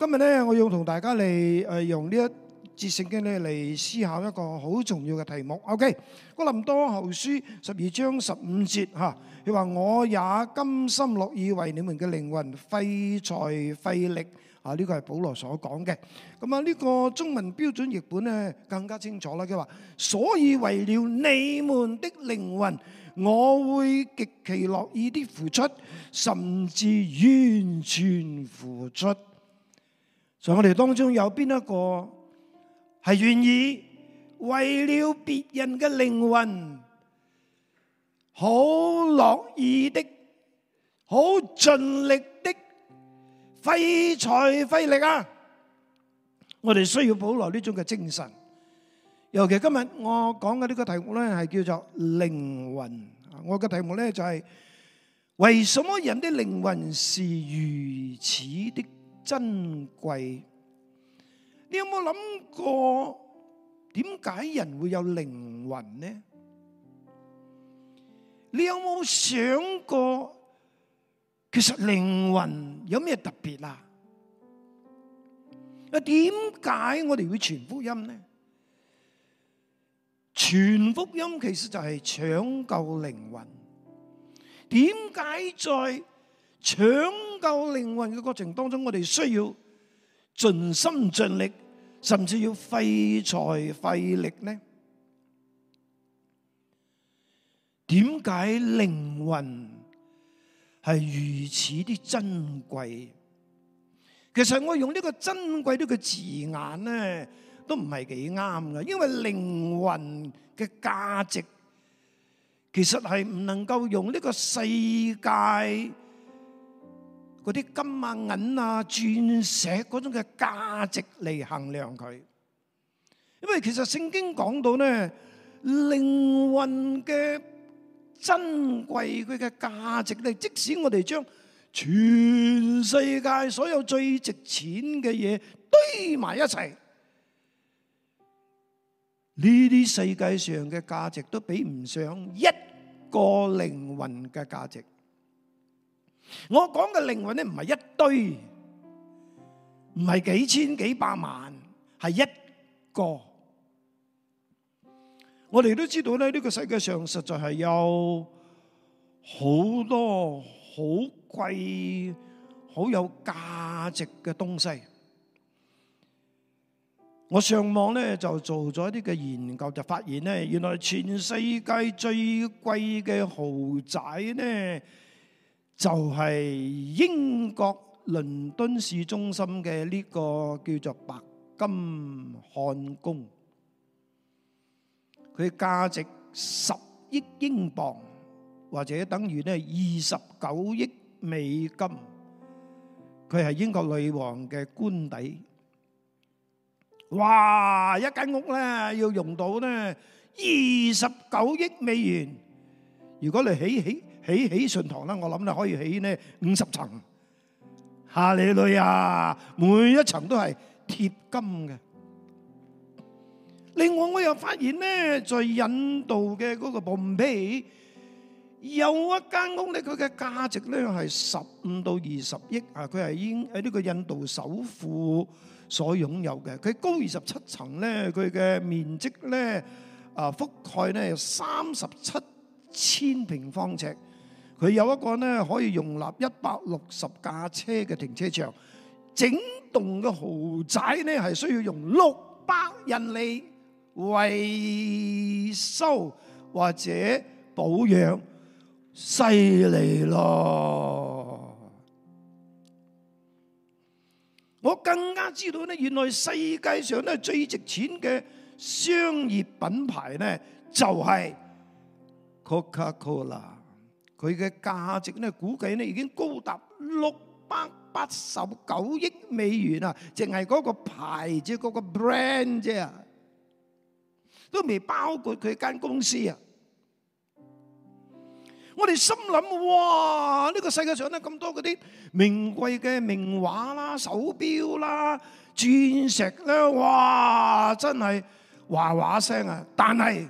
今日咧，我要同大家嚟誒用呢一節聖經咧嚟思考一個好重要嘅題目。O.K. 哥林多後書十二章十五節嚇，佢話我也甘心樂意為你們嘅靈魂費財費力啊！呢個係保羅所講嘅。咁啊，呢個中文標準譯本咧更加清楚啦。佢話所以為了你們的靈魂，我會極其樂意地付出，甚至完全付出。在我哋當中有邊一個係願意為了別人嘅靈魂，好樂意的，好盡力的，費財費力啊！我哋需要保羅呢種嘅精神。尤其今日我講嘅呢個題目咧，係叫做靈魂。我嘅題目咧就係：為什麼人的靈魂是如此的珍貴，你有冇諗過點解人會有靈魂呢？你有冇想過，其實靈魂有咩特別啊？啊，點解我哋會傳福音呢？傳福音其實就係搶救靈魂。點解在搶？救靈魂嘅過程當中，我哋需要盡心盡力，甚至要費財費力呢？點解靈魂係如此的珍貴？其實我用呢個珍貴呢個字眼呢，都唔係幾啱㗎，因為靈魂嘅價值其實係唔能夠用呢個世界。嗰啲金啊銀啊鑽石嗰種嘅價值嚟衡量佢，因為其實聖經講到咧，靈魂嘅珍貴，佢嘅價值咧，即使我哋將全世界所有最值錢嘅嘢堆埋一齊，呢啲世界上嘅價值都比唔上一個靈魂嘅價值。我講嘅靈魂咧，唔係一堆，唔係幾千幾百萬，係一個。我哋都知道咧，呢個世界上實在係有好多好貴、好有價值嘅東西。我上網咧就做咗一啲嘅研究，就發現咧，原來全世界最貴嘅豪宅咧。就係英國倫敦市中心嘅呢個叫做白金漢宮，佢價值十億英鎊，或者等於咧二十九億美金。佢係英國女王嘅官邸。哇！一間屋咧要用到咧二十九億美元，如果你起起，起起信堂啦，我諗就可以起呢五十層，下你女啊，每一層都係貼金嘅。另外我又發現咧，在印度嘅嗰個 Bombay 有一間屋咧，佢嘅價值咧係十五到二十億啊，佢係已經喺呢個印度首富所擁有嘅。佢高二十七層咧，佢嘅面積咧啊覆蓋咧三十七千平方尺。佢有一個咧可以容納一百六十架車嘅停車場，整棟嘅豪宅咧係需要用六百人嚟維修或者保養，犀利咯！我更加知道咧，原來世界上咧最值錢嘅商業品牌咧就係 Coca Cola。佢嘅價值咧，估計咧已經高達六百八十九億美元啊！淨係嗰個牌子、嗰個 brand 啫，都未包括佢間公司啊！我哋心諗：哇！呢個世界上咧咁多嗰啲名貴嘅名畫啦、手錶啦、鑽石咧，哇！真係話話聲啊！但係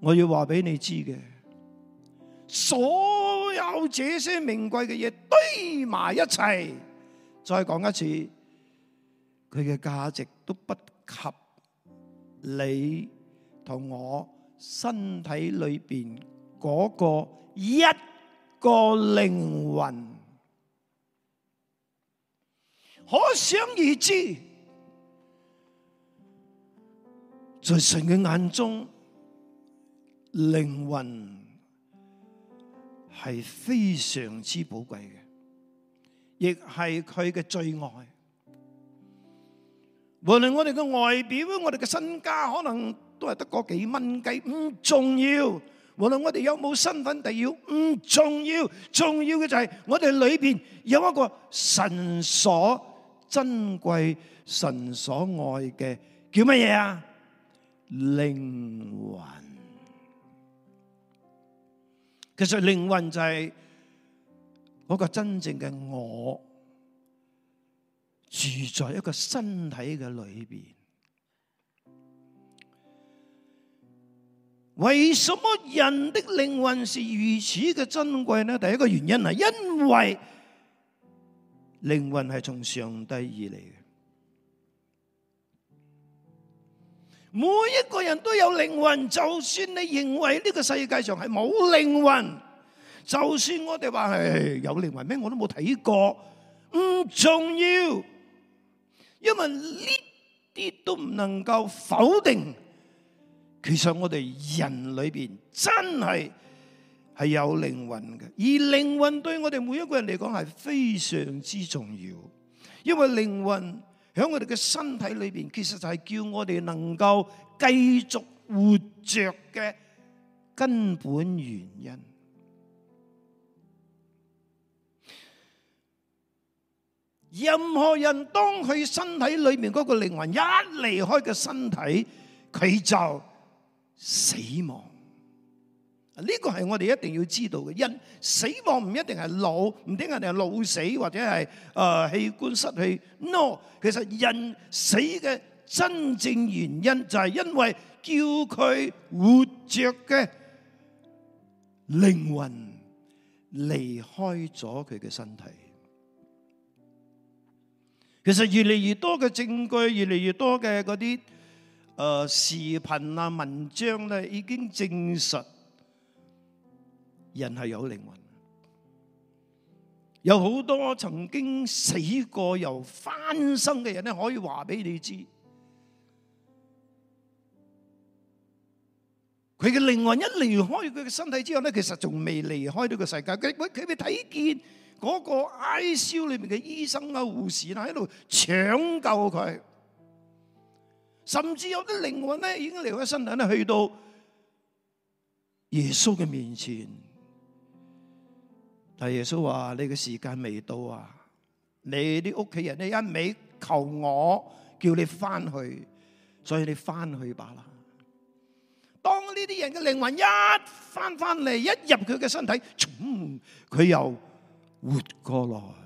我要話俾你知嘅。所有這些名貴嘅嘢堆埋一齊，再講一次，佢嘅價值都不及你同我身體裏面嗰個一個靈魂。可想而知，在神嘅眼中，靈魂。係非常之寶貴嘅，亦係佢嘅最愛。無論我哋嘅外表、我哋嘅身家，可能都係得個幾蚊雞，唔重要。無論我哋有冇身份地位，唔重要。重要嘅就係我哋裏邊有一個神所珍貴、神所愛嘅，叫乜嘢啊？靈魂。其實靈魂就係嗰個真正嘅我住在一個身體嘅裏邊。為什麼人的靈魂是如此嘅珍貴呢？第一個原因係因為靈魂係從上帝而嚟嘅。每一個人都有靈魂，就算你認為呢個世界上係冇靈魂，就算我哋話係有靈魂，咩我都冇睇過，唔重要，因為呢啲都唔能夠否定。其實我哋人裏邊真係係有靈魂嘅，而靈魂對我哋每一個人嚟講係非常之重要，因為靈魂，響我哋嘅身體裏邊，其實就係叫我哋能夠繼續活着嘅根本原因。任何人當佢身體裏面嗰個靈魂一離開個身體，佢就死亡。呢個係我哋一定要知道嘅。因死亡唔一定係老，唔啲人哋係老死或者係誒器官失去。No，其實人死嘅真正原因就係因為叫佢活着嘅靈魂離開咗佢嘅身體。其實越嚟越多嘅證據，越嚟越多嘅嗰啲誒視頻啊、文章咧，已經證實。人係有靈魂，有好多曾經死過又翻生嘅人咧，可以話俾你知，佢嘅靈魂一離開佢嘅身體之後咧，其實仲未離開呢個世界。佢佢佢會睇見嗰個 ICU 裏面嘅醫生啊、護士啊喺度搶救佢，甚至有啲靈魂咧已經離開身體咧，去到耶穌嘅面前。係耶穌話：你嘅時間未到啊！你啲屋企人，你一味求我叫你翻去，所以你翻去吧啦。當呢啲人嘅靈魂一翻翻嚟，一入佢嘅身體，佢又活過來。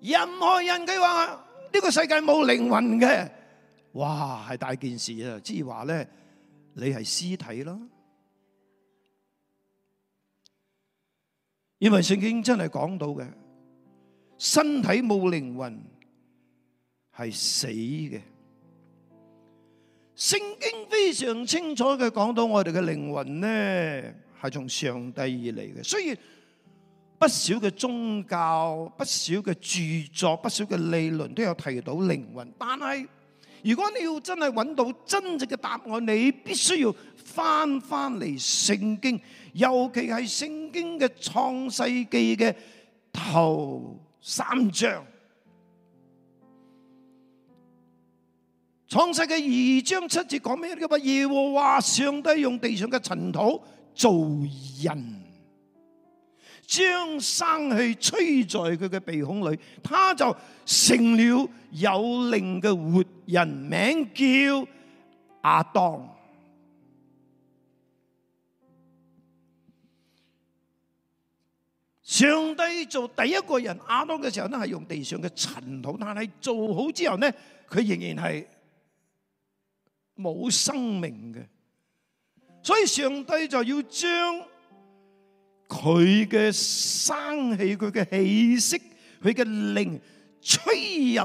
任何人佢話呢個世界冇靈魂嘅，哇係大件事啊！即係話咧，你係屍體咯。因為聖經真係講到嘅身體冇靈魂係死嘅，聖經非常清楚，佢講到我哋嘅靈魂呢係從上帝而嚟嘅。雖然不少嘅宗教、不少嘅著作、不少嘅理論都有提到靈魂，但係。如果你要真係揾到真正嘅答案，你必須要翻翻嚟聖經，尤其係聖經嘅創世紀嘅頭三章。創世嘅二章七節講咩呢個啊，耶和華上帝用地上嘅塵土造人。將生氣吹在佢嘅鼻孔裏，他就成了有靈嘅活人，名叫亞當。上帝做第一個人亞當嘅時候呢，係用地上嘅塵土，但係做好之後呢，佢仍然係冇生命嘅，所以上帝就要將。佢嘅生氣，佢嘅氣息，佢嘅靈吹入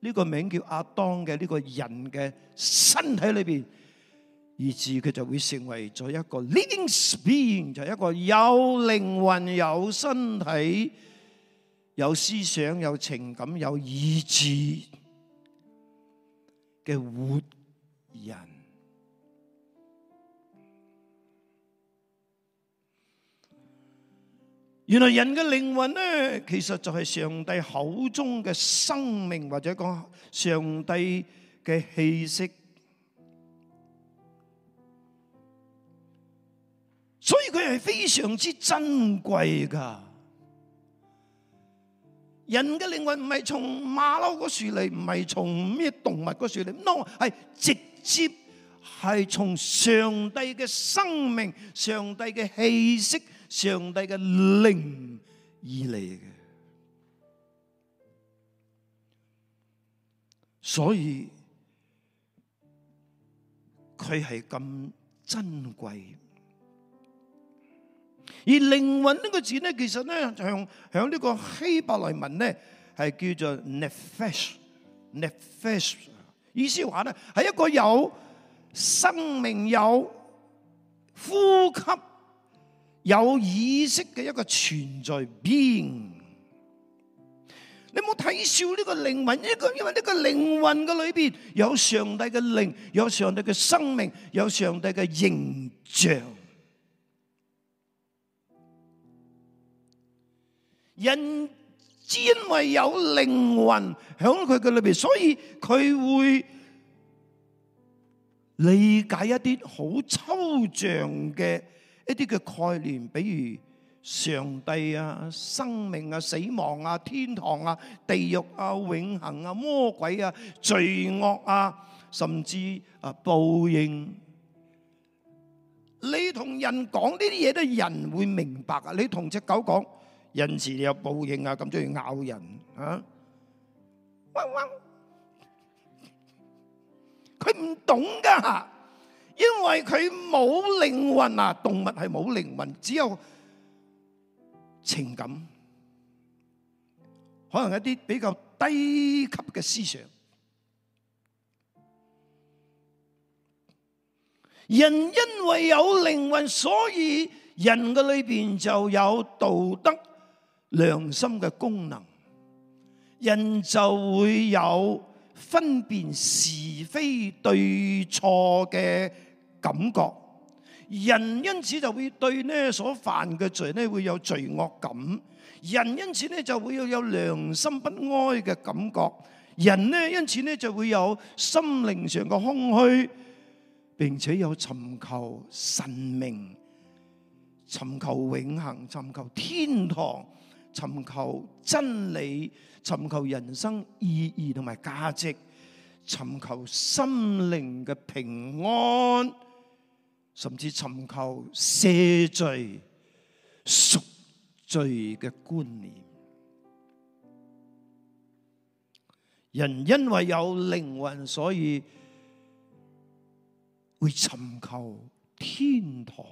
呢個名叫阿當嘅呢個人嘅身體裏邊，以至佢就會成為咗一個 living spirit，就係一個有靈魂、有身體、有思想、有情感、有意志嘅活。原來人嘅靈魂呢，其實就係上帝口中嘅生命，或者講上帝嘅氣息，所以佢係非常之珍貴噶。人嘅靈魂唔係從馬騮個樹嚟，唔係從咩動物個樹嚟，no，係直接係從上帝嘅生命、上帝嘅氣息。上帝嘅靈而嚟嘅，所以佢係咁珍貴。而靈魂呢個字咧，其實咧向響呢個希伯來文咧係叫做 Nephesh，Nephesh 意思話咧係一個有生命、有呼吸。有意識嘅一個存在邊，你冇睇笑呢個靈魂，一個因為呢個靈魂嘅裏邊有上帝嘅靈，有上帝嘅生命，有上帝嘅形象。人只因為有靈魂響佢嘅裏邊，所以佢會理解一啲好抽象嘅。一啲嘅概念，比如上帝啊、生命啊、死亡啊、天堂啊、地獄啊、永恆啊、魔鬼啊、罪惡啊，甚至啊報應。你同人講呢啲嘢，都係人會明白啊！你同隻狗講，因此你有報應啊，咁中意咬人啊，汪汪，佢唔懂噶。因為佢冇靈魂啊，動物係冇靈魂，只有情感，可能一啲比較低級嘅思想。人因為有靈魂，所以人嘅裏邊就有道德良心嘅功能，人就會有分辨是非對錯嘅。感覺，人因此就會對呢所犯嘅罪呢會有罪惡感，人因此呢就會要有良心不安嘅感覺，人呢因此呢就會有心靈上嘅空虛，並且有尋求神明，尋求永恆，尋求天堂，尋求真理，尋求人生意義同埋價值，尋求心靈嘅平安。甚至尋求赦罪贖罪嘅觀念，人因為有靈魂，所以會尋求天堂。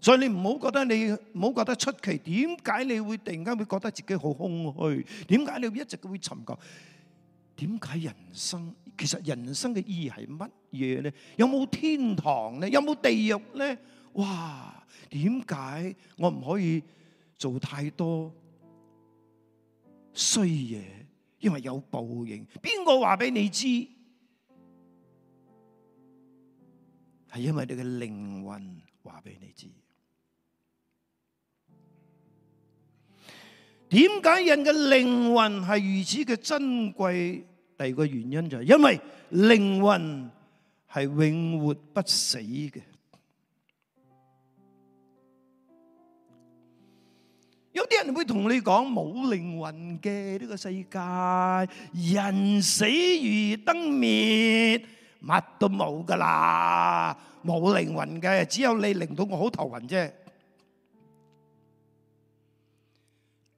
所以你唔好覺得你唔好覺得出奇，點解你會突然間會覺得自己好空虛？點解你一直會尋求？點解人生？其實人生嘅意義係乜？嘢咧，有冇天堂咧？有冇地獄咧？哇！點解我唔可以做太多衰嘢？因為有報應。邊個話俾你知？係因為你嘅靈魂話俾你知。點解人嘅靈魂係如此嘅珍貴？第二個原因就係因為靈魂。係永活不死嘅，有啲人會同你講，冇靈魂嘅，呢個世界，人死如燈滅，乜都冇噶啦，冇靈魂嘅，只有你令到我好頭暈啫。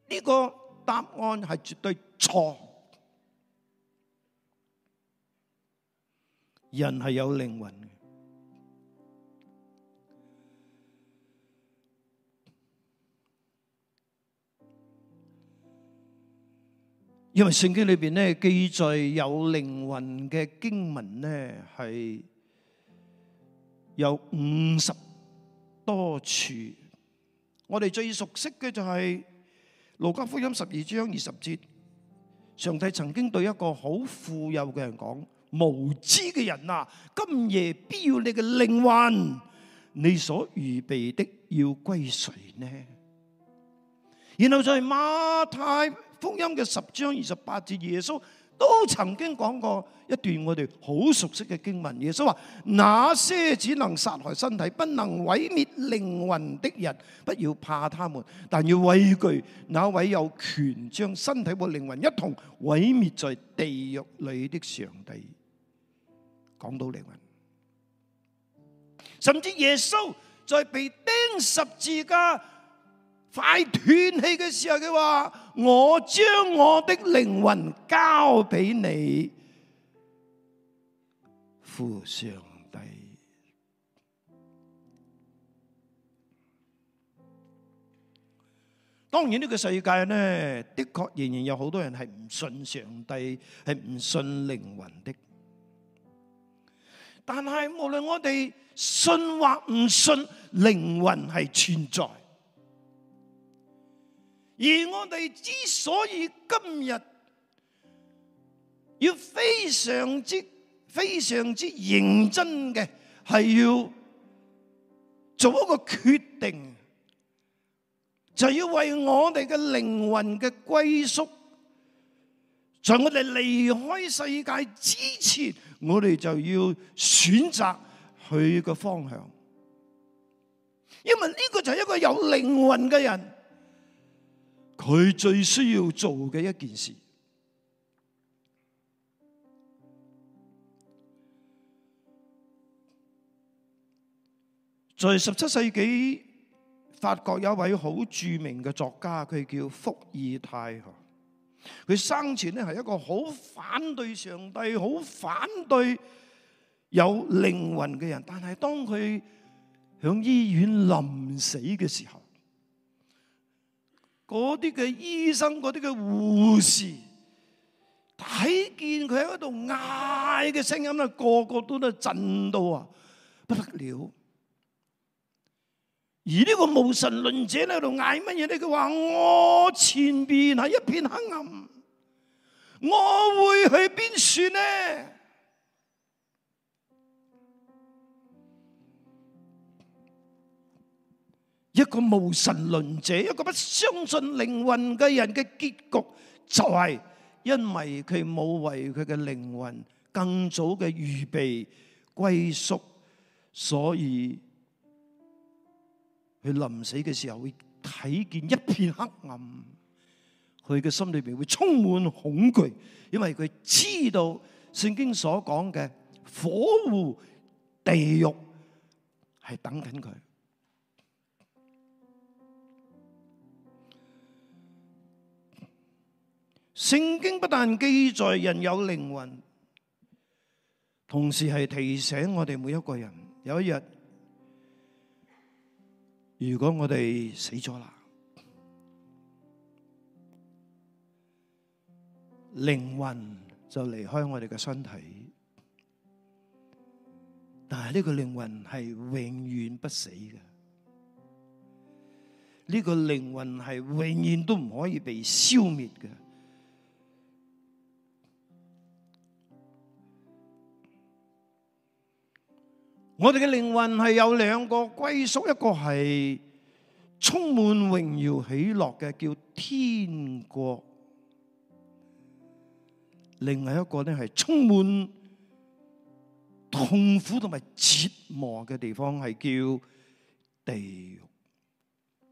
呢個答案係絕對錯。人係有靈魂嘅，因為聖經裏邊呢記載有靈魂嘅經文呢係有五十多處，我哋最熟悉嘅就係、是《路加福音》十二章二十節，上帝曾經對一個好富有嘅人講。無知嘅人啊，今夜必要你嘅靈魂，你所預備的要歸誰呢？然後就係馬太福音嘅十章二十八節，耶穌都曾經講過一段我哋好熟悉嘅經文。耶穌話：那些只能殺害身體、不能毀滅靈魂的人，不要怕他們，但要畏懼那位有權將身體和靈魂一同毀滅在地獄裏的上帝。講到靈魂，甚至耶穌在被釘十字架、快斷氣嘅時候，佢話：我將我的靈魂交俾你，父上帝。當然呢個世界呢，的確仍然有好多人係唔信上帝，係唔信靈魂的。但係無論我哋信或唔信，靈魂係存在的。而我哋之所以今日要非常之、非常之認真嘅，係要做一個決定，就要為我哋嘅靈魂嘅歸宿，在我哋離開世界之前。我哋就要選擇佢個方向，因為呢個就係一個有靈魂嘅人，佢最需要做嘅一件事。在十七世紀，法國有一位好著名嘅作家，佢叫伏爾泰。佢生前咧，係一個好反對上帝、好反對有靈魂嘅人，但係當佢響醫院臨死嘅時候，嗰啲嘅醫生、嗰啲嘅護士睇見佢喺度嗌嘅聲音咧，個個都都震到啊，不得了！而呢個無神論者喺度嗌乜嘢呢？佢話我前面係一片黑暗，我會去邊處呢？一個無神論者，一個不相信靈魂嘅人嘅結局，就係因為佢冇為佢嘅靈魂更早嘅預備歸宿，所以。佢臨死嘅時候會睇見一片黑暗，佢嘅心裏邊會充滿恐懼，因為佢知道聖經所講嘅火湖、地獄係等緊佢。聖經不但記載人有靈魂，同時係提醒我哋每一個人，有一日。如果我哋死咗啦，靈魂就離開我哋嘅身體，但係呢個靈魂係永遠不死嘅，呢個靈魂係永遠都唔可以被消滅嘅。我哋嘅靈魂係有兩個歸宿，一個係充滿榮耀喜樂嘅，叫天國，另外一個咧係充滿痛苦同埋折磨嘅地方，係叫地獄。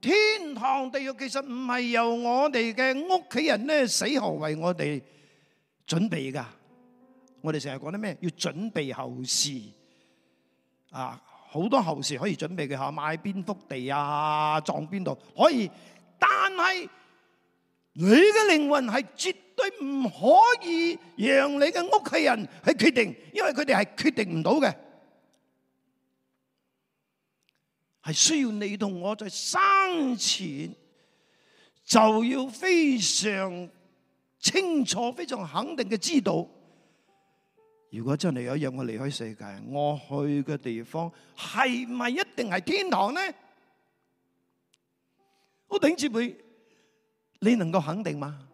天堂、地獄其實唔係由我哋嘅屋企人咧死後為我哋準備噶。我哋成日講啲咩？要準備後事啊，好多後事可以準備嘅吓，買邊幅地啊，葬邊度可以。但係你嘅靈魂係絕對唔可以讓你嘅屋企人去決定，因為佢哋係決定唔到嘅，係需要你同我在生前就要非常清楚、非常肯定嘅知道。如果真係有一日我離開世界，我去嘅地方係咪一定係天堂呢？我頂住佢，你能夠肯定嗎？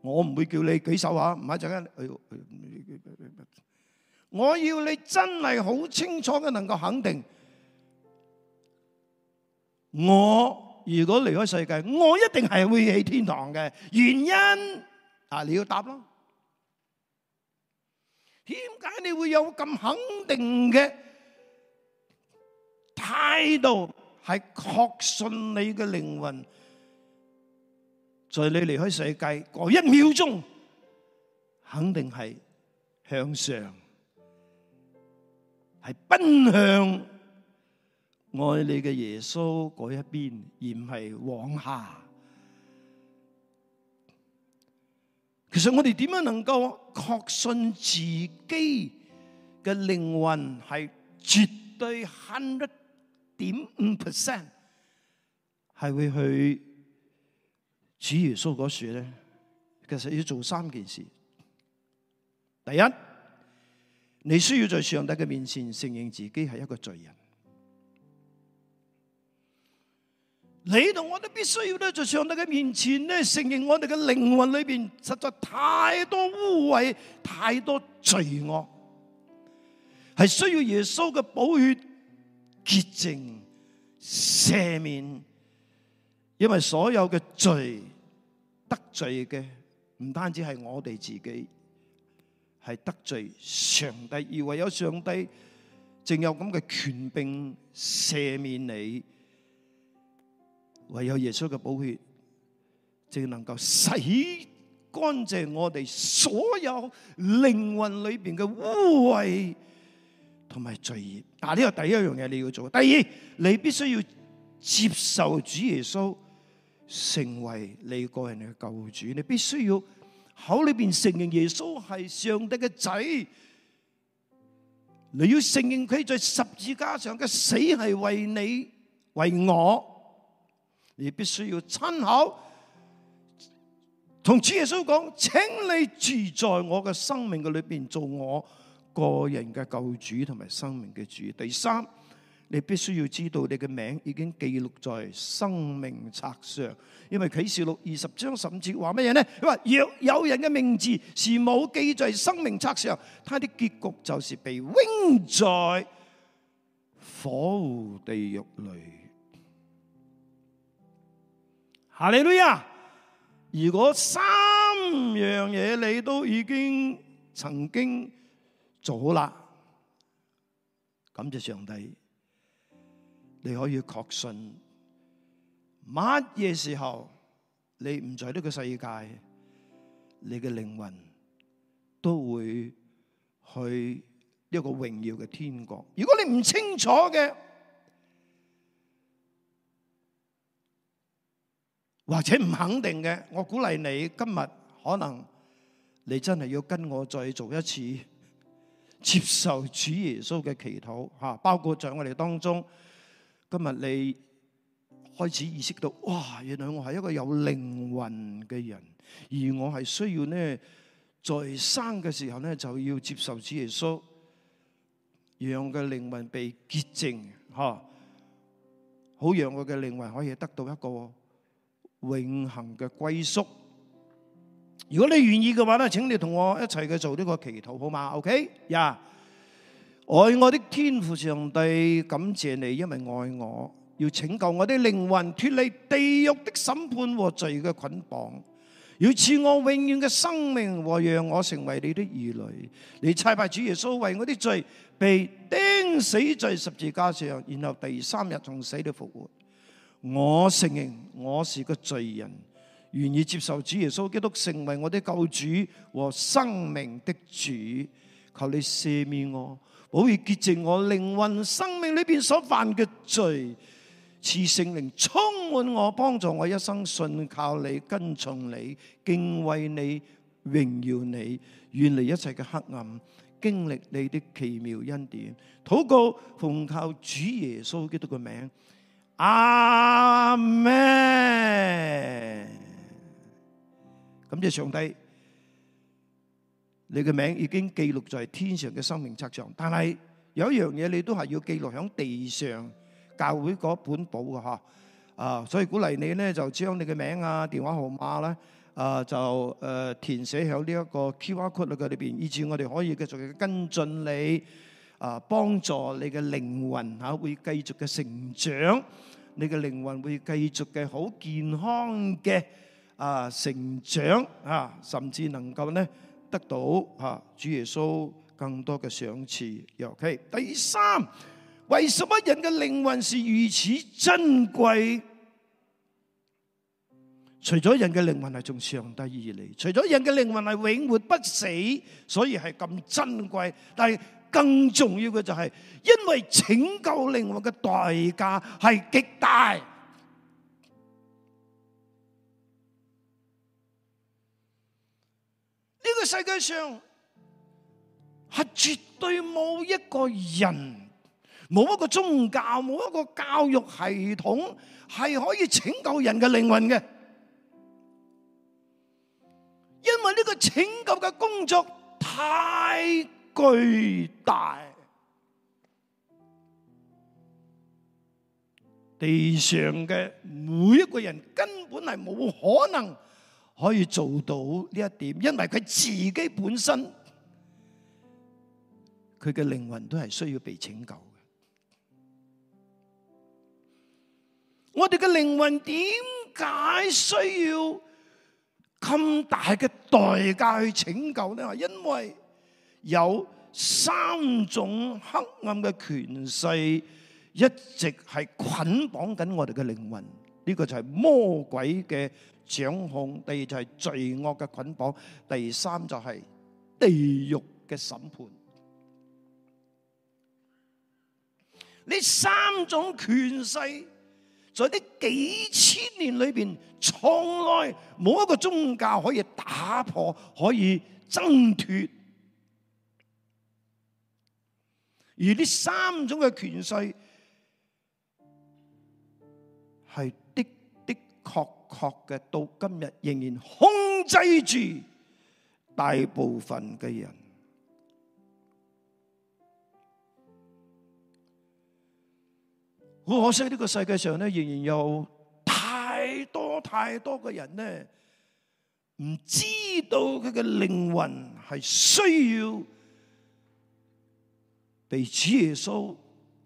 我唔會叫你舉手啊！唔係陣間，我要你真係好清楚嘅，能夠肯定我如果離開世界，我一定係會喺天堂嘅原因啊！你要答咯。點解你會有咁肯定嘅態度？係確信你嘅靈魂，在你離開世界嗰一秒鐘，肯定係向上，係奔向愛你嘅耶穌嗰一邊，而唔係往下。其實我哋點樣能夠確信自己嘅靈魂係絕對一百點五 percent，係會去主耶穌嗰度咧？其實要做三件事。第一，你需要在上帝嘅面前承認自己係一個罪人。你同我都必須要咧，在上帝嘅面前咧，承認我哋嘅靈魂裏邊實在太多污穢，太多罪惡，係需要耶穌嘅寶血潔淨、赦免。因為所有嘅罪得罪嘅，唔單止係我哋自己，係得罪上帝。而唯有上帝，淨有咁嘅權柄赦免你。唯有耶穌嘅寶血，才能夠洗乾淨我哋所有靈魂裏邊嘅污穢同埋罪孽。但，呢個第一樣嘢你要做。第二，你必須要接受主耶穌成為你個人嘅救主。你必須要口裏邊承認耶穌係上帝嘅仔，你要承認佢在十字架上嘅死係為你、為我。你必須要親口同主耶穌講，請你住在我嘅生命嘅裏邊，做我個人嘅救主同埋生命嘅主。第三，你必須要知道你嘅名已經記錄在生命冊上。因為啟示錄二十章十五節話乜嘢呢？佢話若有人嘅名字是冇記在生命冊上，他的結局就是被扔在火湖地獄裏。啊，你女啊，如果三樣嘢你都已經曾經做好啦，感謝上帝，你可以確信，乜嘢時候你唔在呢個世界，你嘅靈魂都會去一個榮耀嘅天國。如果你唔清楚嘅，或者唔肯定嘅，我鼓勵你今日，可能你真係要跟我再做一次接受主耶穌嘅祈禱吓，包括在我哋當中。今日你開始意識到哇，原來我係一個有靈魂嘅人，而我係需要呢，在生嘅時候呢就要接受主耶穌讓我嘅靈魂被潔淨，吓、啊，好讓我嘅靈魂可以得到一個。永恒嘅歸宿。如果你願意嘅話咧，請你同我一齊去做呢個祈禱好嘛？OK，呀，愛我的天父上帝，感謝你，因為愛我，要拯救我的靈魂脱離地獄的審判和罪嘅捆綁，要賜我永遠嘅生命，和讓我成為你的兒女，你差派主耶穌，為我的罪被釘死在十字架上，然後第三日從死裏復活。我承認我是個罪人，願意接受主耶穌基督成為我的救主和生命的主。求你赦免我，寶血潔淨我靈魂、生命裏邊所犯嘅罪。賜聖靈充滿我，幫助我一生信靠你、跟從你、敬畏你、榮耀你，榮耀你，遠離一切嘅黑暗，經歷你的奇妙的恩典。禱告奉靠主耶穌基督嘅名。阿們，咁即係上帝，你嘅名已經記錄在天上嘅生命冊上，但係有一樣嘢你都係要記錄響地上教會嗰本簿嘅嗬。啊，所以鼓勵你咧就將你嘅名啊、電話號碼啦，啊就誒填寫響呢一個 QR Code 嘅裏邊，以致我哋可以繼續跟進你。啊，幫助你嘅靈魂吓會繼續嘅成長，你嘅靈魂會繼續嘅好健康嘅啊成長啊，甚至能夠呢得到吓主耶穌更多嘅賞賜。OK，第三，為什麼人嘅靈魂是如此珍貴？除咗人嘅靈魂係從上帝而嚟，除咗人嘅靈魂係永活不死，所以係咁珍貴，但係。更重要嘅就係，因為拯救靈魂嘅代價係極大。呢個世界上係絕對冇一個人、冇一個宗教、冇一個教育系統係可以拯救人嘅靈魂嘅，因為呢個拯救嘅工作太……巨大。地上嘅每一個人根本係冇可能可以做到呢一點，因為佢自己本身佢嘅靈魂都係需要被拯救嘅。我哋嘅靈魂點解需要咁大嘅代價去拯救呢？因為有三種黑暗嘅權勢一直係捆綁緊我哋嘅靈魂，呢個就係魔鬼嘅掌控；第二就係罪惡嘅捆綁；第三就係地獄嘅審判。呢三種權勢在呢幾千年裏邊，從來冇一個宗教可以打破，可以掙脫。而呢三種嘅權勢係的的確確嘅，到今日仍然控制住大部分嘅人。好可惜，呢個世界上呢，仍然有太多太多嘅人呢，唔知道佢嘅靈魂係需要。被主耶穌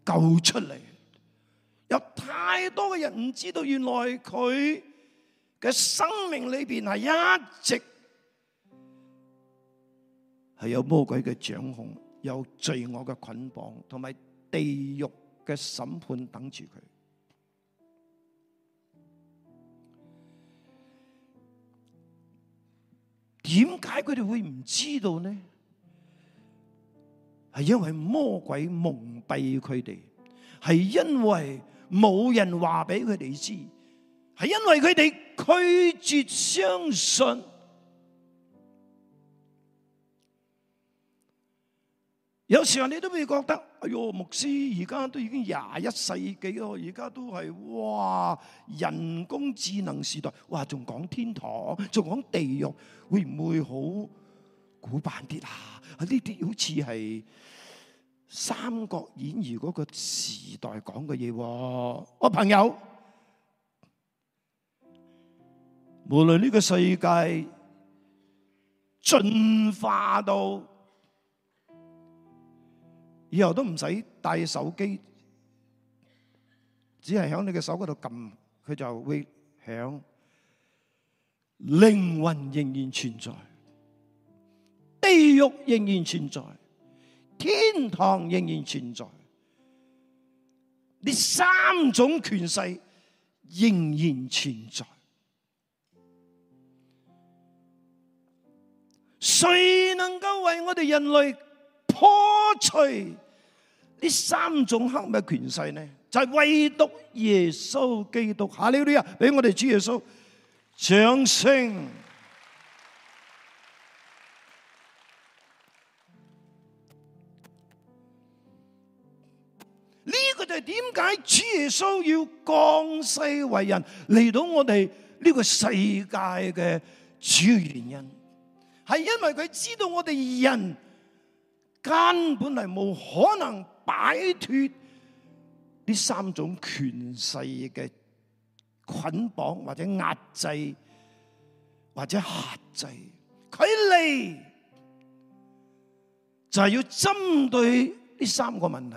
救出嚟，有太多嘅人唔知道，原來佢嘅生命裏面係一直係有魔鬼嘅掌控，有罪惡嘅捆綁，同埋地獄嘅審判等住佢。點解佢哋會唔知道呢？係因為魔鬼蒙蔽佢哋，係因為冇人話俾佢哋知，係因為佢哋拒絕相信。有時候你都會覺得，哎喲，牧師，而家都已經廿一世紀咯，而家都係哇，人工智能時代，哇，仲講天堂，仲講地獄，會唔會好古板啲啊？啊！呢啲好似係《三國演義》嗰個時代講嘅嘢喎，我朋友，無論呢個世界進化到以後都唔使帶手機，只係喺你嘅手嗰度撳，佢就會響，靈魂仍然存在。地獄仍然存在，天堂仍然存在，呢三種權勢仍然存在。誰能夠為我哋人類破除呢三種黑暗權勢呢？就係唯獨耶穌基督。下呢啲啊，俾我哋主耶穌掌聲。佢哋點解主耶穌要降世為人嚟到我哋呢個世界嘅主要原因，係因為佢知道我哋人根本係冇可能擺脫呢三種權勢嘅捆綁，或者壓制，或者限制，佢嚟就係、是、要針對呢三個問題。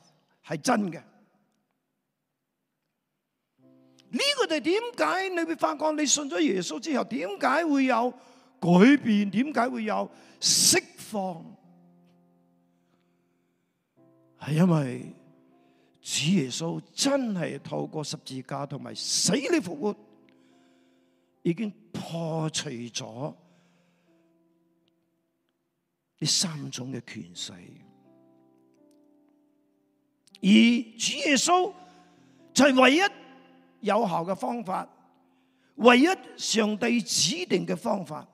係真嘅，呢個就點解？你會發覺你信咗耶穌之後，點解會有改變？點解會有釋放？係因為主耶穌真係透過十字架同埋死裏復活，已經破除咗呢三種嘅權勢。而主耶穌就係唯一有效嘅方法，唯一上帝指定嘅方法，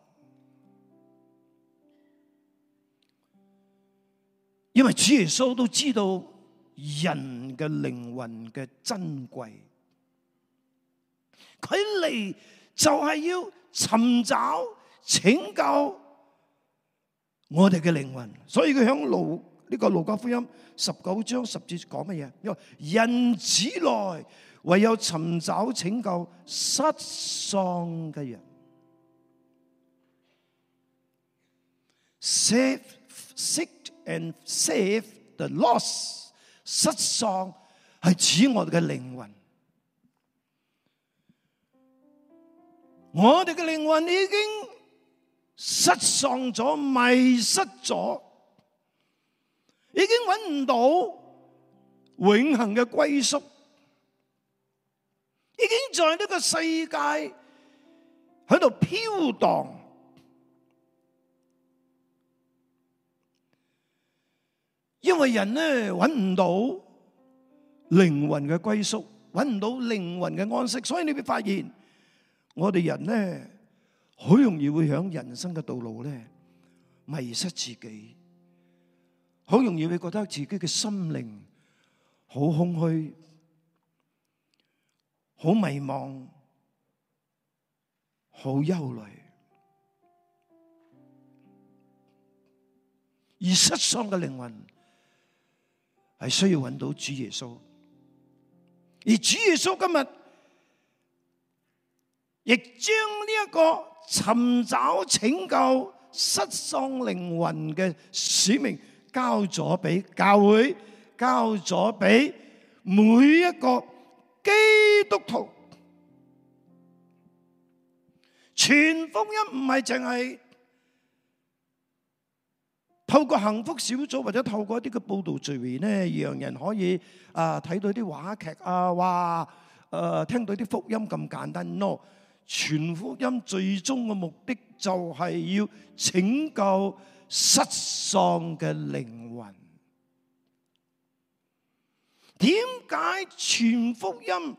因為主耶穌都知道人嘅靈魂嘅珍貴，佢嚟就係要尋找、拯救我哋嘅靈魂，所以佢響路。呢個《路加福音》十九章十節講乜嘢？因為人子來唯有尋找拯救失喪嘅人，save seek and save the lost，失喪係指我哋嘅靈魂。我哋嘅靈魂已經失喪咗、迷失咗。已經揾唔到永恒嘅歸宿，已經在呢個世界喺度飄蕩。因為人咧揾唔到靈魂嘅歸宿，揾唔到靈魂嘅安息，所以你會發現，我哋人咧好容易會響人生嘅道路咧迷失自己。好容易會覺得自己嘅心靈好空虛、好迷茫、好憂慮，而失喪嘅靈魂係需要揾到主耶穌，而主耶穌今日亦將呢一個尋找拯救失喪靈魂嘅使命。交咗俾教會，交咗俾每一個基督徒。傳福音唔係淨係透過幸福小組或者透過一啲嘅佈道聚會呢，讓人可以啊睇到啲話劇啊，哇！誒，聽到啲福音咁簡單咯。傳福音最終嘅目的就係要拯救。失喪嘅靈魂，點解傳福音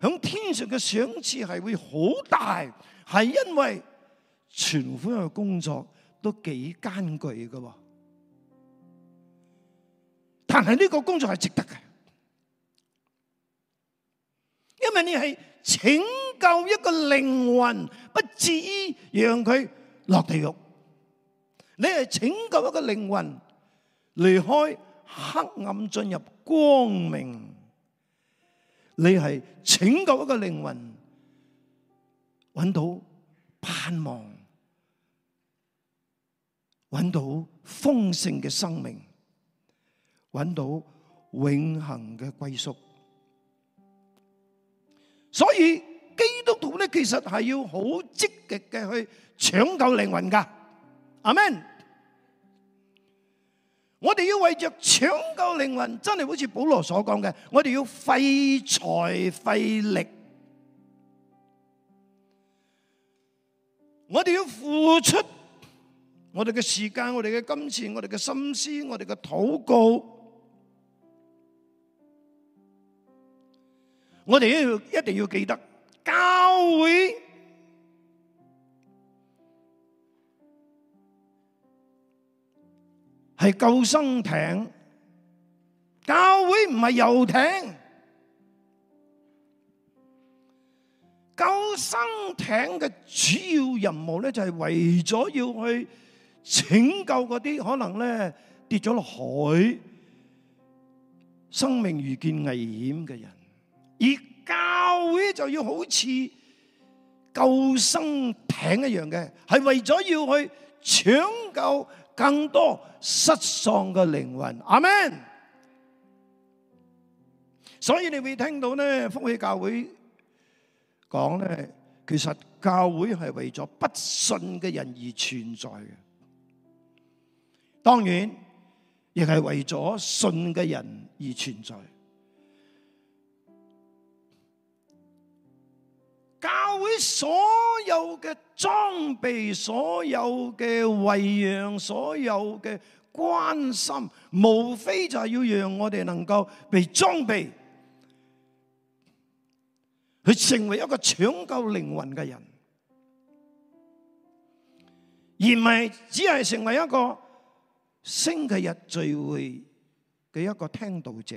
響天上嘅賞賜係會好大？係因為傳福音嘅工作都幾艱巨噶，但係呢個工作係值得嘅，因為你係拯救一個靈魂，不至於讓佢落地獄。你係拯救一個靈魂離開黑暗進入光明，你係拯救一個靈魂揾到盼望，揾到豐盛嘅生命，揾到永恒嘅歸宿。所以基督徒咧，其實係要好積極嘅去搶救靈魂噶。阿門！我哋要為着搶救靈魂，真係好似保羅所講嘅，我哋要費財費力，我哋要付出我哋嘅時間、我哋嘅金錢、我哋嘅心思、我哋嘅禱告，我哋要一定要記得教會。係救生艇，教會唔係遊艇。救生艇嘅主要任務咧就係為咗要去拯救嗰啲可能咧跌咗落海、生命遇見危險嘅人，而教會就要好似救生艇一樣嘅，係為咗要去搶救。更多失喪嘅靈魂，阿門，所以你會聽到呢，福氣教會講咧，其實教會係為咗不信嘅人而存在嘅，當然亦係為咗信嘅人而存在。教會所有嘅裝備，所有嘅餵養，所有嘅關心，無非就係要讓我哋能夠被裝備，去成為一個搶救靈魂嘅人，而唔係只係成為一個星期日聚會嘅一個聽道者。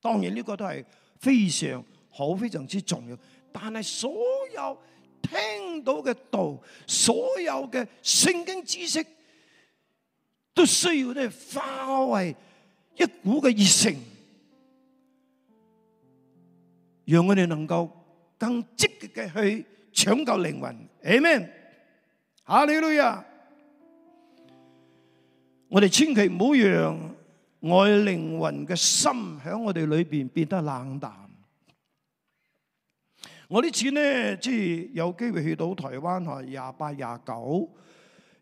當然呢個都係非常好，非常之重要。但係所有聽到嘅道，所有嘅聖經知識，都需要呢化為一股嘅熱誠，讓我哋能夠更積極嘅去搶救靈魂。Amen。哈利路亞啊，我哋千祈唔好讓愛靈魂嘅心喺我哋裏邊變得冷淡。我呢次呢，即係有機會去到台灣係，廿八廿九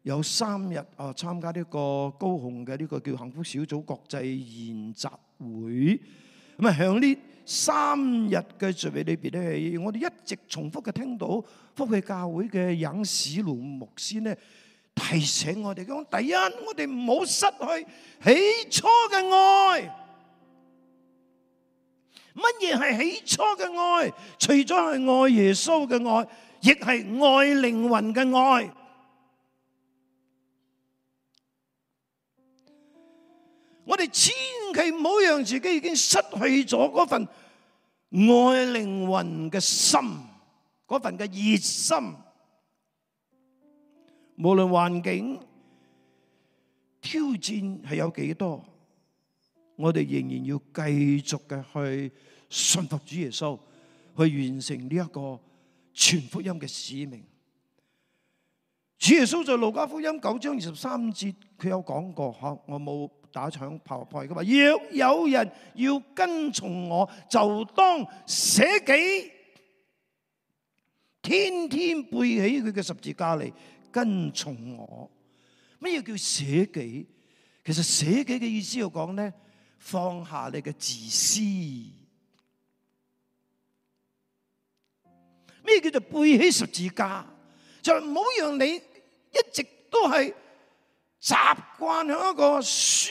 有三日啊，參加呢個高雄嘅呢個叫幸福小組國際研習會。咁啊，向呢三日嘅聚會裏邊咧，我哋一直重複嘅聽到福氣教會嘅尹史龍牧師咧提醒我哋講：第一，我哋唔好失去起初嘅愛。乜嘢係起初嘅愛？除咗係愛耶穌嘅愛，亦係愛靈魂嘅愛。我哋千祈唔好讓自己已經失去咗嗰份愛靈魂嘅心，嗰份嘅熱心。無論環境挑戰係有幾多。我哋仍然要繼續嘅去信服主耶穌，去完成呢一個全福音嘅使命。主耶穌在路加福音九章二十三節，佢有講過，我我冇打響炮牌。佢話，若有人要跟從我，就當捨己，天天背起佢嘅十字架嚟跟從我。乜嘢叫捨己？其實捨己嘅意思要講咧。放下你嘅自私，咩叫做背起十字架？就唔好讓你一直都係習慣喺一個舒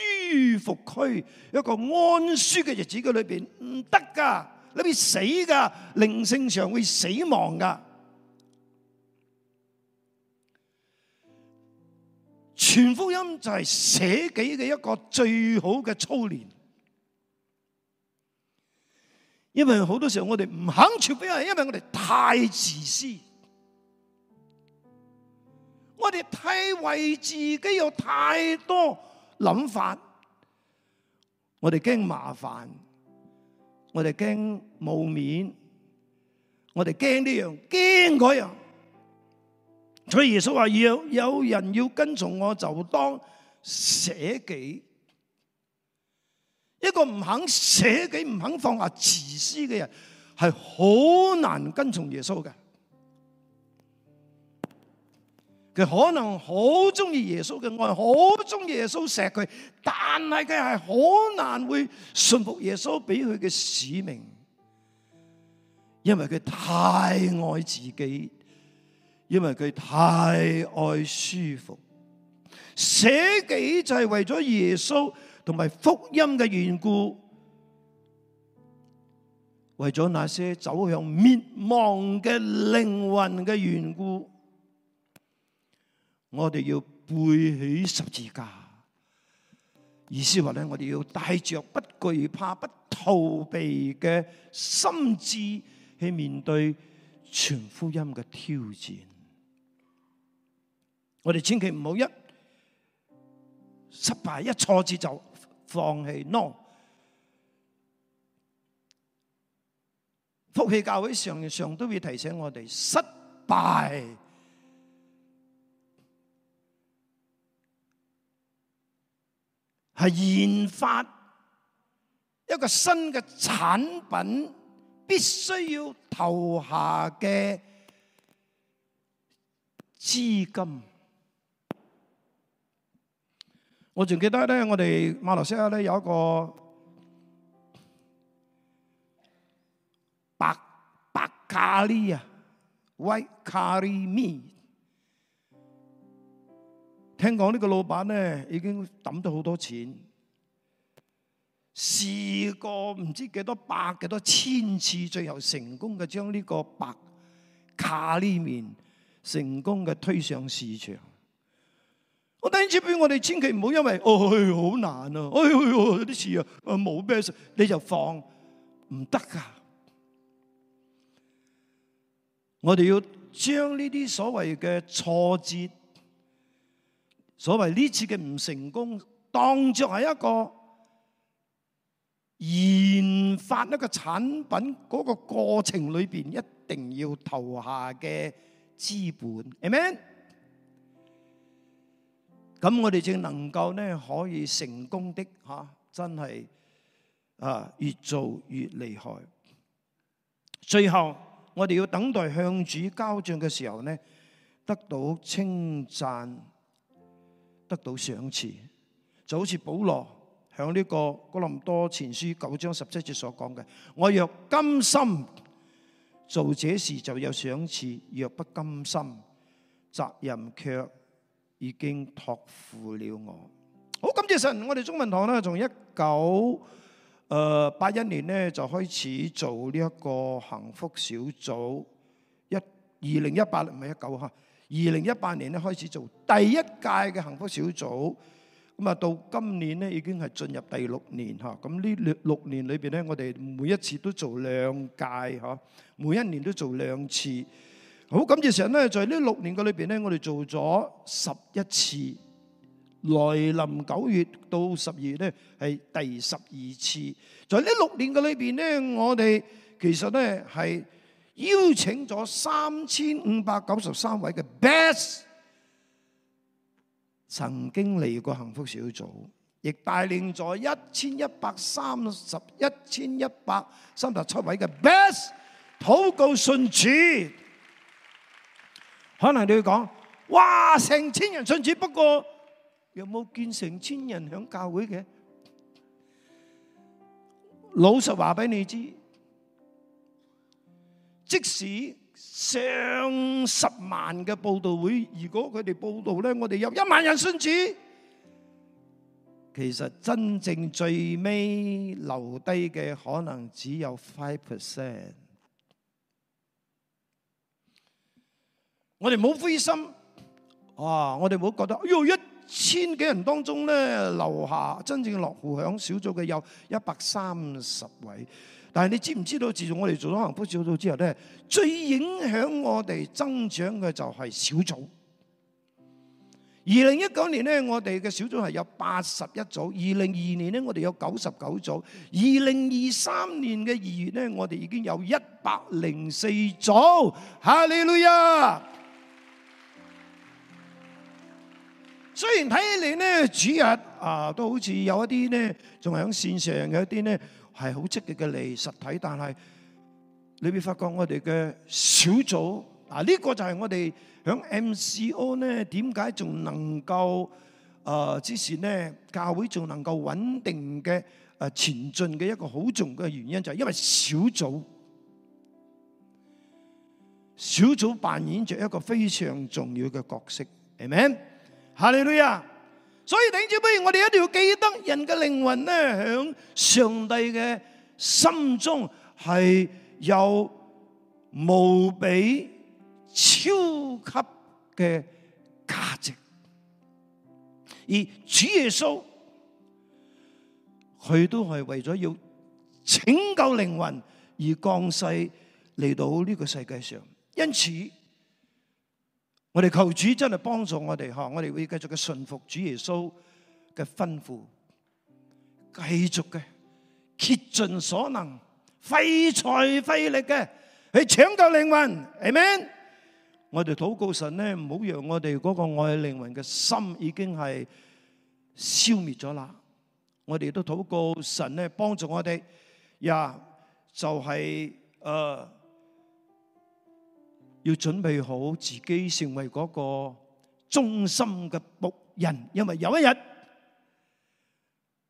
服區、一個安舒嘅日子嘅裏邊，唔得噶，裏邊死噶，靈性上會死亡噶。全福音就係捨己嘅一個最好嘅操練。因為好多時候我哋唔肯傳福音，因為我哋太自私，我哋太為自己有太多諗法，我哋驚麻煩，我哋驚冇面，我哋驚呢樣驚嗰樣。所以耶穌話：要有人要跟從我，就當捨己。一個唔肯捨己，唔肯放下自私嘅人，係好難跟從耶穌嘅。佢可能好中意耶穌嘅愛，好中意耶穌錫佢，但係佢係好難會順服耶穌俾佢嘅使命，因為佢太愛自己，因為佢太愛舒服。捨己就係為咗耶穌同埋福音嘅緣故，為咗那些走向滅亡嘅靈魂嘅緣故，我哋要背起十字架。意思話咧，我哋要帶着不懼怕、不逃避嘅心智去面對全福音嘅挑戰。我哋千祈唔好一失敗一挫折就。放棄，no。福氣教會常常都會提醒我哋，失敗係研發一個新嘅產品，必須要投下嘅資金。我仲記得咧，我哋馬來西亞咧有一個白白咖喱啊，White 咖喱麵。聽講呢個老闆咧已經抌咗好多錢，試過唔知幾多百、幾多千次，最後成功嘅將呢個白咖喱麵成功嘅推上市場。我第一次俾我哋千祈唔好因為哦好難啊，哎喲啲事啊，啊冇咩事你就放唔得噶。我哋要將呢啲所謂嘅挫折，所謂呢次嘅唔成功，當作係一個研發一個產品嗰個過程裏邊，一定要投下嘅資本。Amen。咁我哋正能夠呢，可以成功的嚇、啊，真係啊，越做越厲害。最後我哋要等待向主交賬嘅時候呢，得到稱讚，得到賞賜，就好似保羅喺呢個哥林多前書九章十七節所講嘅：我若甘心做這事，就有賞賜；若不甘心，責任卻已經托付了我。好，感謝神，我哋中文堂咧，從一九誒八一年咧就開始做呢一個幸福小組，一二零一八唔係一九吓，二零一八年咧開始做第一屆嘅幸福小組。咁啊，到今年咧已經係進入第六年吓。咁呢六六年裏邊咧，我哋每一次都做兩屆，吓，每一年都做兩次。好，咁嘅時候咧，在呢六年嘅裏邊咧，我哋做咗十一次，來臨九月到十二月咧係第十二次。在呢六年嘅裏邊咧，我哋其實咧係邀請咗三千五百九十三位嘅 best，曾經嚟過幸福小組，亦帶領咗一千一百三十、一千一百三十七位嘅 best 禱告信主。可能你會講，哇，成千人信主，不過又冇見成千人響教會嘅。老實話俾你知，即使上十萬嘅報道會，如果佢哋報道咧，我哋有一萬人信主。其實真正最尾留低嘅，可能只有 five percent。我哋唔好灰心啊！我哋唔好覺得，哎喲，一千幾人當中咧，留下真正落戶響小組嘅有一百三十位。但係你知唔知道，自從我哋做咗幸福小組之後咧，最影響我哋增長嘅就係小組。二零一九年咧，我哋嘅小組係有八十一組；二零二二年咧，我哋有九十九組；二零二三年嘅二月咧，我哋已經有一百零四組。哈利路亞！雖然睇起嚟咧，主日啊都好似有一啲咧，仲係喺線上嘅一啲咧，係好積極嘅嚟實體，但係你會發覺我哋嘅小組啊？呢個就係我哋喺 MCO 咧，點解仲能夠誒之前咧教會仲能夠穩定嘅誒前進嘅一個好重要嘅原因，就係因為小組，小組扮演着一個非常重要嘅角色，係咪？係你女啊！所以你知唔知？我哋一定要記得，人嘅靈魂呢，喺上帝嘅心中係有無比超級嘅價值。而主耶穌佢都係為咗要拯救靈魂而降世嚟到呢個世界上，因此。我哋求主真係幫助我哋，嗬！我哋會繼續嘅順服主耶穌嘅吩咐，繼續嘅竭盡所能，費財費力嘅去搶救靈魂，阿門！我哋禱告神咧，唔好讓我哋嗰個愛靈魂嘅心已經係消滅咗啦。我哋都禱告神咧，幫助我哋，呀就係誒。要準備好自己成為嗰個忠心嘅僕人，因為有一日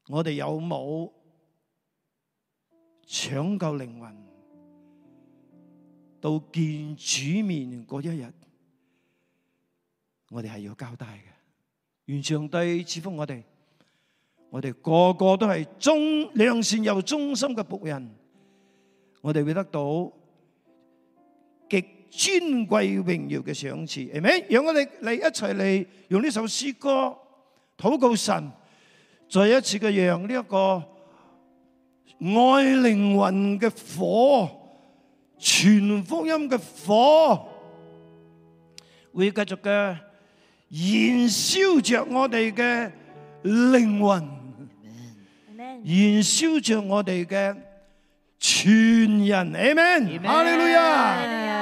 我哋有冇搶救靈魂到見主面嗰一日，我哋係要交代嘅。願上帝賜福我哋，我哋個個都係忠、良善又忠心嘅僕人，我哋會得到。尊貴榮耀嘅賞賜，阿門！讓我哋嚟一齊嚟用呢首詩歌禱告神，再一次嘅讓呢一個愛靈魂嘅火全福音嘅火，會繼續嘅燃燒着我哋嘅靈魂，Amen. 燃燒着我哋嘅全人，阿門！哈利路亞！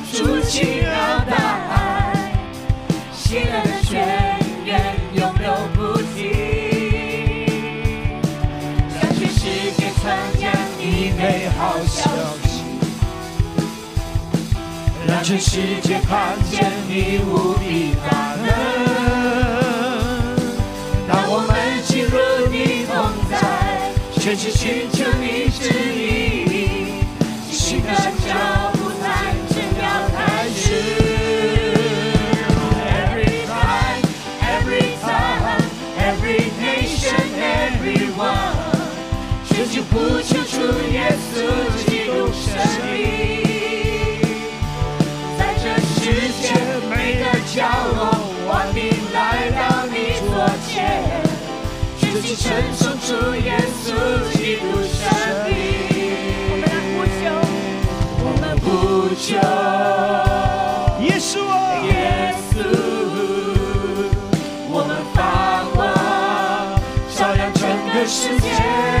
築起了大海，喜樂的泉源永流不停，讓全世界看見你美好消息，讓全世界看見你無比大能。當我們進入你同在，全世界求你指引。這就呼求主耶穌基督聖名，在這世界每個角落，萬名來到你座前，全心稱頌主耶穌基督聖名，我們不呼求，我們不求耶穌，耶穌，我們發光，照亮整個世界。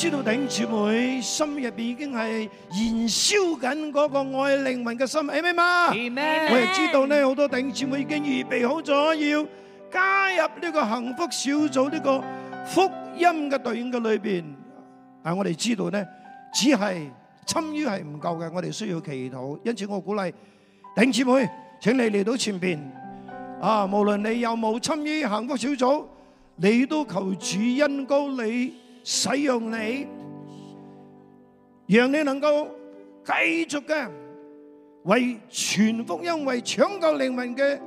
知道頂姊妹心入邊已經係燃燒緊嗰個愛靈魂嘅心，係咪嘛？我哋知道咧，好多頂姊妹已經預備好咗要加入呢個幸福小組呢個福音嘅隊伍嘅裏邊。但係我哋知道咧，只係參與係唔夠嘅，我哋需要祈禱。因此我鼓勵頂姊妹，請你嚟到前邊啊！無論你有冇參與幸福小組，你都求主恩膏你。使用你，讓你能夠繼續嘅為全福音為搶救靈魂嘅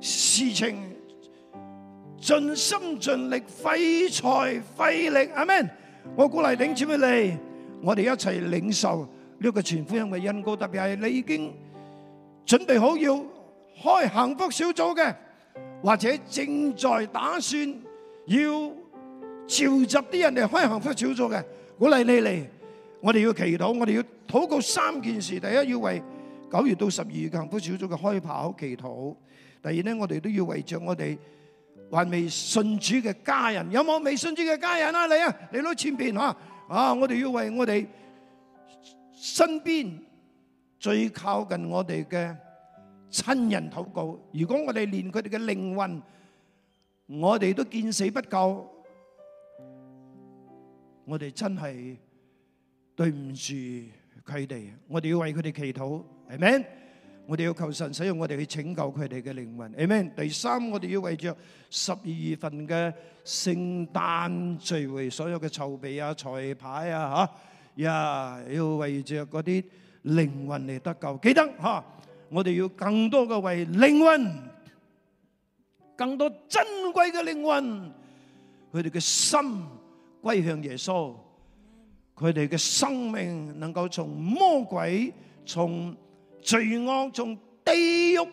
事情盡心盡力、費財費力。阿們，我鼓勵領錢畀你，我哋一齊領受呢個全福音嘅恩膏。特別係你已經準備好要開幸福小組嘅，或者正在打算要，召集啲人嚟開幸福小組嘅，鼓勵你嚟。我哋要祈禱，我哋要禱告三件事：第一，要為九月到十二月幸福小組嘅開跑祈禱；第二呢，我哋都要為着我哋還未信主嘅家人，有冇未信主嘅家人啊？你啊，嚟到前邊吓啊！我哋要為我哋身邊最靠近我哋嘅親人禱告。如果我哋連佢哋嘅靈魂，我哋都見死不救。我哋真係對唔住佢哋，我哋要為佢哋祈禱，係咪？我哋要求神使用我哋去拯救佢哋嘅靈魂，係咪？第三，我哋要為着十二月份嘅聖誕聚會所有嘅籌備啊、彩排啊，吓，呀，要為着嗰啲靈魂嚟得救，記得吓，我哋要更多嘅為靈魂，更多珍貴嘅靈魂，佢哋嘅心。歸向耶穌，佢哋嘅生命能夠從魔鬼，從罪惡、從地獄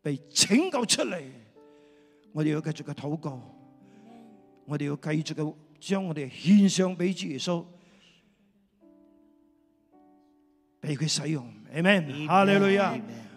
被拯救出嚟。我哋要繼續嘅禱告，我哋要繼續嘅將我哋獻上俾主耶穌，俾佢使用。阿門。哈利路亞。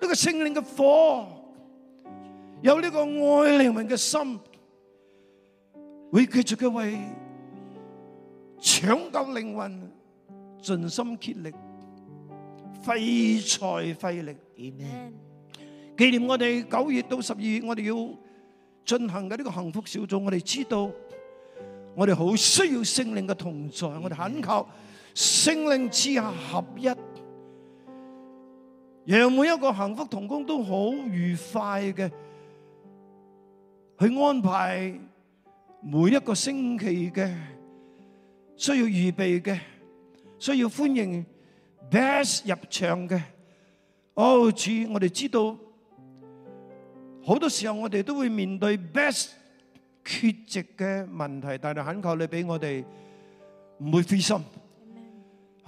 呢個聖靈嘅火，有呢個愛靈魂嘅心，會繼續嘅為搶救靈魂盡心竭力，費財費力。紀念我哋九月到十二月，我哋要進行嘅呢個幸福小組，我哋知道我哋好需要聖靈嘅同在，我哋懇求聖靈賜下合一。讓每一個幸福同工都好愉快嘅去安排每一個星期嘅需要預備嘅需要歡迎 best 入場嘅。哦，主，我哋知道好多時候我哋都會面對 best 缺席嘅問題，但係懇求你俾我哋唔會灰心。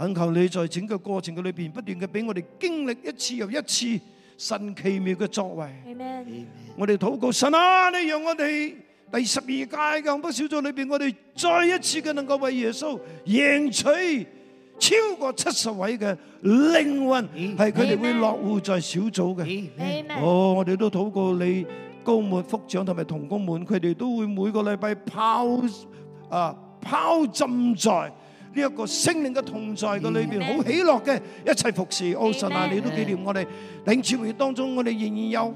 懇求你，在整個過程嘅裏邊，不斷嘅俾我哋經歷一次又一次神奇妙嘅作為。阿們，我哋禱告神啊，你讓我哋第十二屆嘅幸福小組裏邊，我哋再一次嘅能夠為耶穌贏取超過七十位嘅靈魂，係佢哋會落戶在小組嘅。阿們，哦，我哋都禱告你高門福長同埋同工們，佢哋都會每個禮拜拋啊拋浸在。呢一個聖靈嘅同在嘅裏邊，好喜樂嘅一齊服侍。哦，神啊，你都記念我哋。領旨會當中，我哋仍然有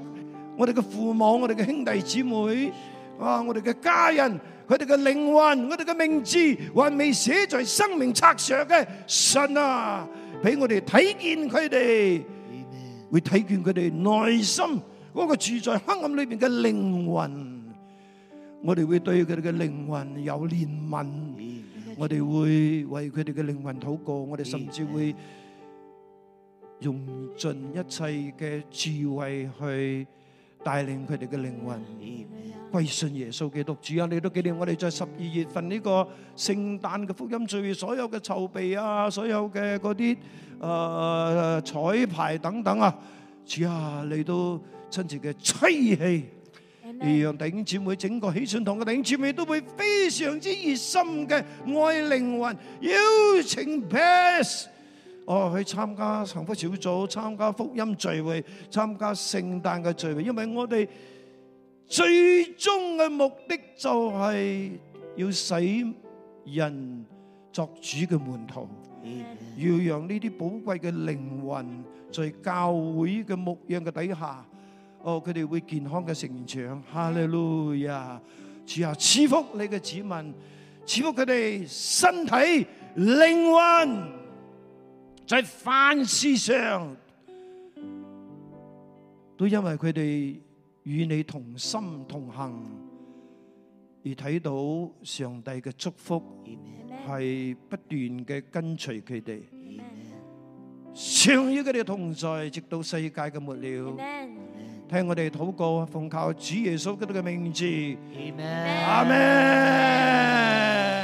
我哋嘅父母、我哋嘅兄弟姊妹。啊，我哋嘅家人，佢哋嘅靈魂，我哋嘅名字還未寫在生命冊上嘅。神啊，俾我哋睇見佢哋，會睇見佢哋內心嗰個住在黑暗裏邊嘅靈魂。我哋會對佢哋嘅靈魂有憐憫。我哋會為佢哋嘅靈魂禱告，我哋甚至會用盡一切嘅智慧去帶領佢哋嘅靈魂歸信耶穌基督。主啊，你都紀念我哋在十二月份呢個聖誕嘅福音聚會，所有嘅籌備啊，所有嘅嗰啲誒綵排等等啊，主啊，你都親自嘅吹氣，氣。而讓弟兄姊妹整個喜訊堂嘅弟兄姊妹都會非常之熱心嘅愛靈魂邀請 pass 哦，去參加幸福小組、參加福音聚會、參加聖誕嘅聚會，因為我哋最終嘅目的就係要使人作主嘅門徒，Yeah. 要讓呢啲寶貴嘅靈魂在教會嘅牧養嘅底下。哦，佢哋會健康嘅成長。哈利路亞，主啊，賜福你嘅子民，賜福佢哋身體、靈魂，在凡事上都因為佢哋與你同心同行，而睇到上帝嘅祝福係不斷嘅跟隨佢哋，常與佢哋同在，直到世界嘅末了。聽我哋禱告，奉靠主耶穌基督嘅名字，阿門。